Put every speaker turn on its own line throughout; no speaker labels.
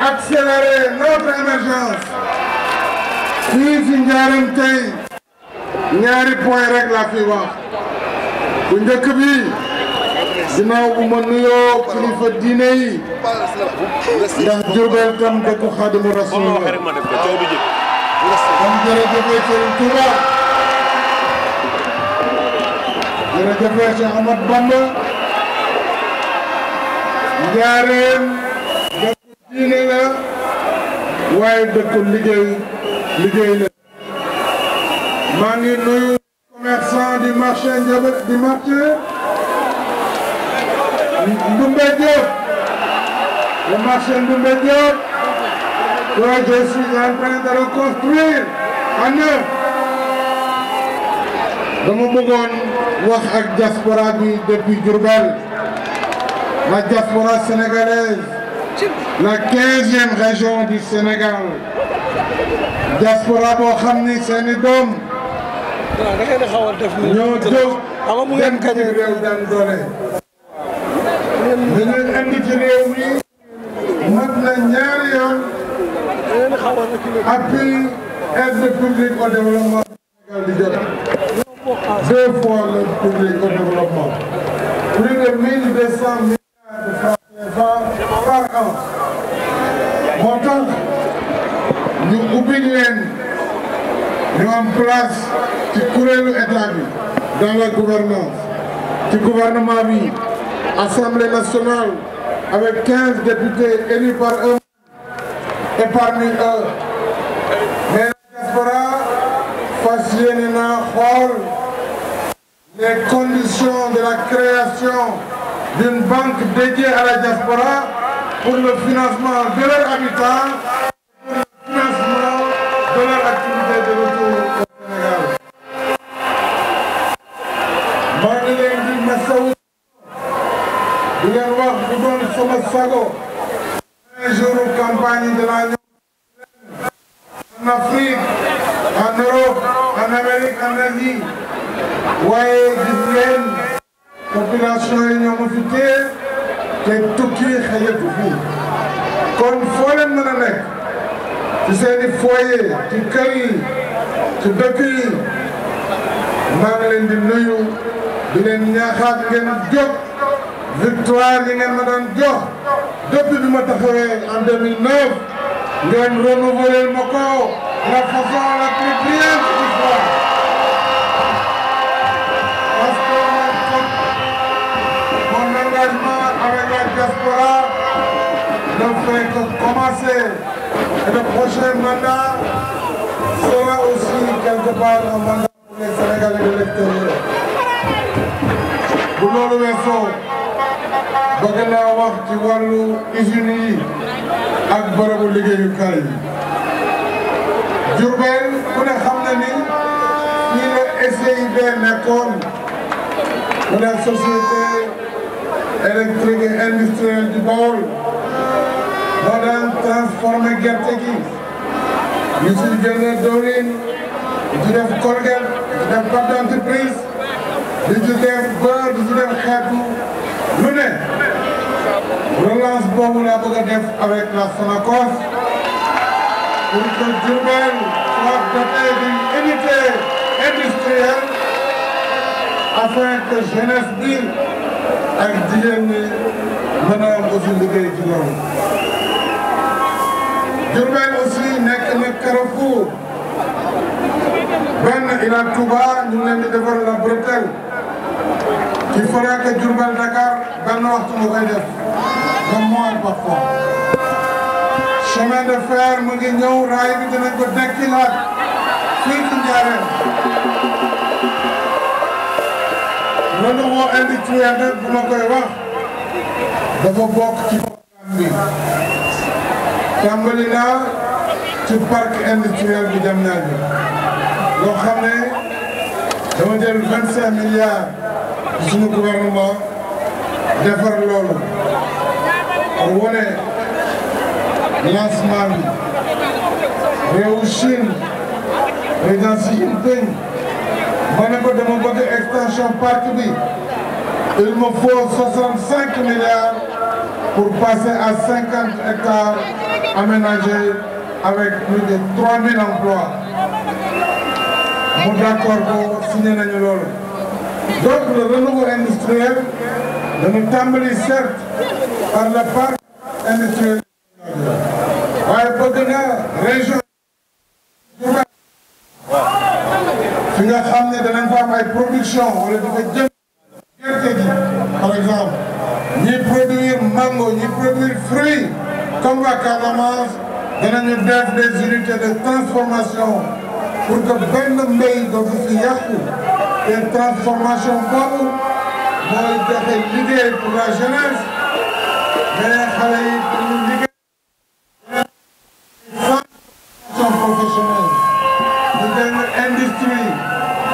accélérer notre émergence fii si njaaram tey ñaari point rek la fi wax bu njëkk bi ginnaaw bu ma nuyoo kilifa diine yi ndax Jurbel tam dëkku Xaadimu Rasuul la kon jërëjëfee Sëriñ Tuuba jërëjëfee Cheikh Ahmad Bamba njaareem diine la waaye dëkkul liggéey liggéey la maa ngi nuyu commerçant du marché Ndiabat du marché Ndoumbe Diop le marché Ndoumbe Diop que je suis en train de reconstruire à neuf dama bëggoon wax ak diaspora bi depuis Diourbel la diaspora sénégalaise la quinzième région du Sénégal diaspora boo xam ni seen i doom ñoo jóg dem ci réew daan doole ñu leen andi ci réew mi mat na ñaari yoon appui aide publique au développement du Sénégal di jot deux fois le public au développement dans la gouvernance ci gouvernement bi assemblée nationale avec quinze députés élus par eux et parmi eux mais diaspora fas yéene na les conditions de la création d'une banque dédiée à la diaspora pour le financement de leurs habitants pour le financement de leur activité de retour sama sago un jour campagne de la en Afrique en Europe en Amérique en Asie waaye gis ngeen population yi ñoo ma fi téye te tukki xajatu fi kon foo leen mën a nekk ci seen i foyer ci kër yi ci dëkk yi maa ngi leen di nuyu di leen ñaaxaat ngeen jóg victoire yi ngeen ma doon jox depuis bi ma taxawee en 2009 ngeen renouveler ma ko la façon la plus brillante du soir parce que mon engagement avec la diaspora ne fait que commencer et le prochain mandat sera aussi quelque part un mandat pour les Sénégalais de l'extérieur bu loolu bëgg naa wax ci wàllu usine yi ak bërëbu liggéeyukaay yi Diourbel ku ne xam na ni ñi la SDID nekkoon mu ne société électrique et industrielle du Baol moo daan transformé gerte gi ñu si génne doorin di ci def colgate di ci def pâte d'entreprise di ci lu ne relance boobu laa bëgg a def avec la Sonacos pour que Diourbel soit doté d'une unité industrielle afin que jeunesse bi ak jigéen ñi mën a aussi liggéey ci loolu. Diourbel aussi nekk na carrefour benn Ila Touba ñu leen di defar la bretelle. il faudra que Diourbel Dakar benn waxtu mu koy def ba mois ba foofu chemin de mu ngi ñëw raay bi dinañ ko dekkilaat fii ci Njaareem renouveau industriel nag bu ma koy wax dafa bokk ci programme bi tàmbali naa ci parc industriel bi Diamniadio loo xam ne dama jël vingt cinq milliards suñu gouvernement defar loolu pour wane lancement bi réewu Chine président Xi Jinping ma ne ko dama extension parc bi il me faut milliards pour passer à cinquante aménagés avec plus de emplois mu d'accord ko signé nañu loolu Donc le renouveau industriel de nous tàmbali certes par la part industrielle waaye bëgg na région fi nga xam ne danañ fa am ay production wala di ko jëm gerte gi par exemple ñi produire mango ñi produire fruit comme waa Casamance danañu def des unités de transformation pour que benn mbéy dootu fi yàqu te transformation boobu mooy joxe liggéey pour la jeunesse mais xale yi pour ñu liggéey sans formation professionnelle ñu jàng industrie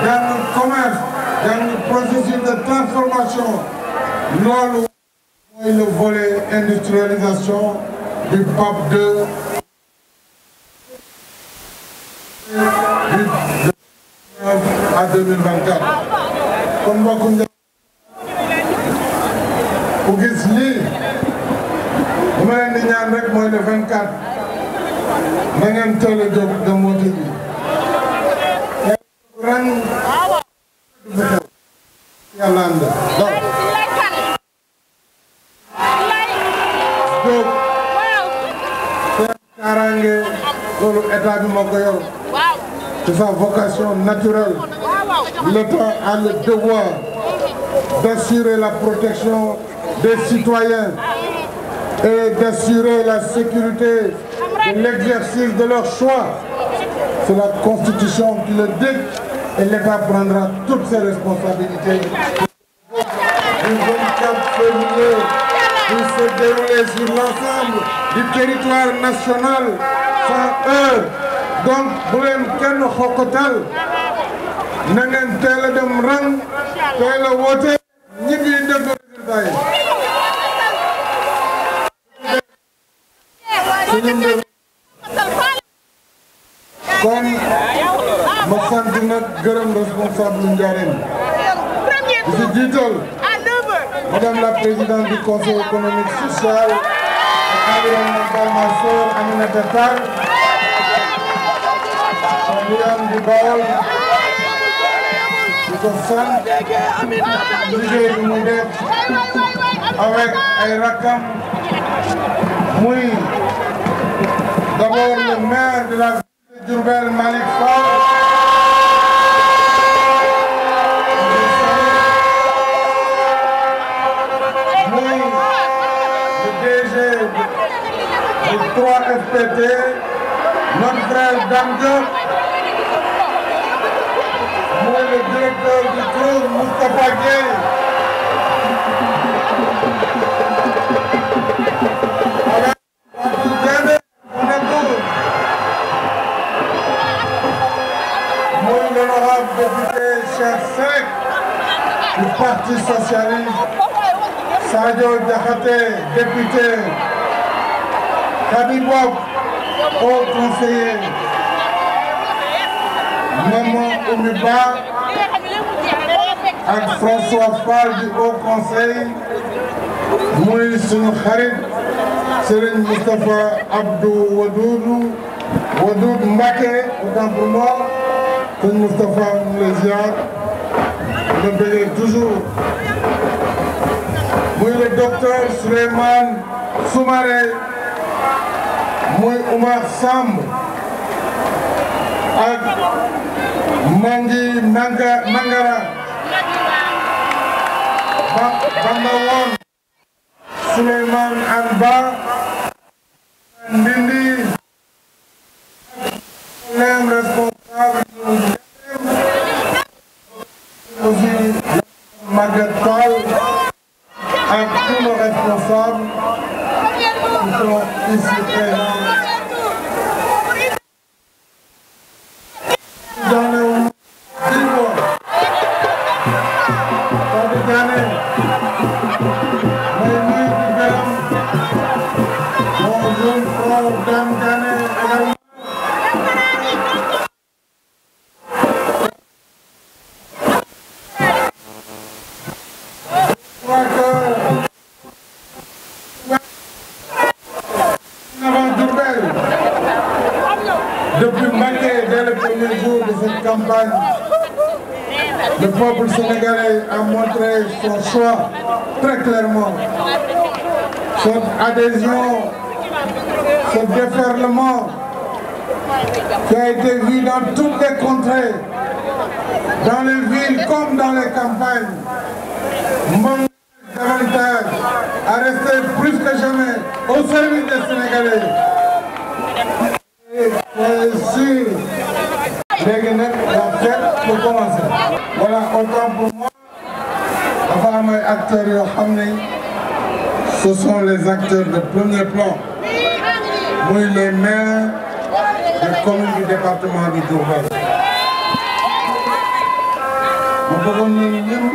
jàng commerce jàng processus de transformation loolu mooy le volet industrialisation du PAP 2 à 2024 kon mbokku njëkk ku gis lii bu ma ñaan rek mooy le 24 na ngeen teel a jóg dem woote ji ren yàlla ànd donc jóg seen kaaraange loolu état bi moo ko yor c'est sa vocation naturelle l'État a le devoir d'assurer la protection des citoyens et d'assurer la sécurité de l'exercice de leur choix. C'est la Constitution qui le dit et l'État prendra toutes ses responsabilités. Un véritable féminin qui se déroulait sur l'ensemble du territoire national sans eux donc bu leen kenn xoqatal na ngeen teel a dem ren teel a woote ñibbi dëgg résultat yi kon ma sant nag gërëm responsable Ndiarène di si jiital madame la présidente du conseil économique social et environnemental ma soeur Aminata Tall Mariam di Bawol di ko sant liggéey bi mu def avec ay rakam muy d'abord le maire de la ville de Diourbel Malick Fall. le 3FPT, notre frère Dame gouverneur du Tour, Moustapha Gueye. Muy l'honorable député Cheikh Seck du Parti socialiste. Sadio Diakhaté, député. Khadim Bob, haut conseiller. Maman Oumiba.
ak François
Fall du Haut Conseil muy sunu xarit Serigne Moustapha Abdou Wadoudou Wadoud Mbacké autant pour moi Serigne Moustapha mu lay ziar le béyee toujours muy le docteur Souleymane Soumaré muy Oumar Samb ak Mangi Nanga Mangara Number one, Suleiman Anba. Depuis Macky, dès le premier jour de cette campagne, le peuple sénégalais a montré son choix très clairement. Son adhésion, ce déferlement qui a été vu dans toutes les contrées, dans les villes comme dans les campagnes, manque davantage à rester plus que jamais au service des Sénégalais. ce sont les acteurs de premier plan muy les maires des communes du département du Diourbel ma bëggoon nañu ñëw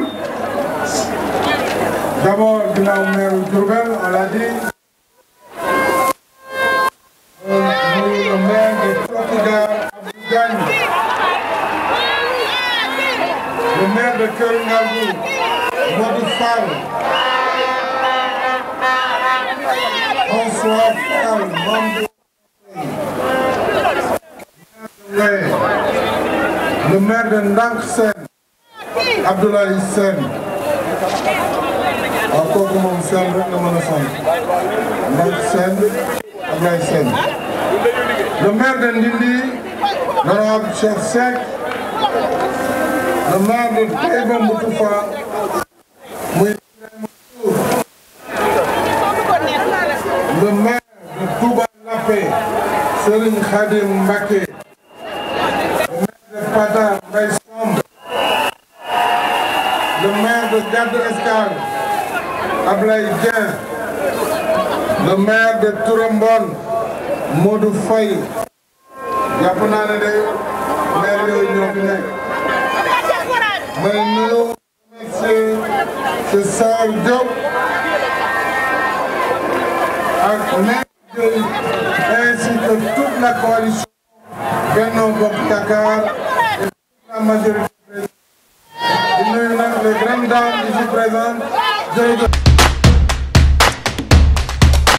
d'abord ginnaaw maire du Diourbel on l'a dit muy le maire de Protégar Abdou Diagne le de Kër soft and humble way. Le maire de Ndank Sène Abdoulaye Sène waaw ah, kooku moom Sène rek la mën a sant Ndank Sène Abdoulaye Sène le maire de Ndindi l'honorable Cheikh Seck le Abdoulaye le maire de Tourambone Modou Faye jàpp naa ne day maire yooyu ñoo fi nekk may nuyu monsieur César ainsi que toute la coalition Benno Bokk et la majorité présidentielle di nuyu nag les grandes dames ici présentes jërëjëf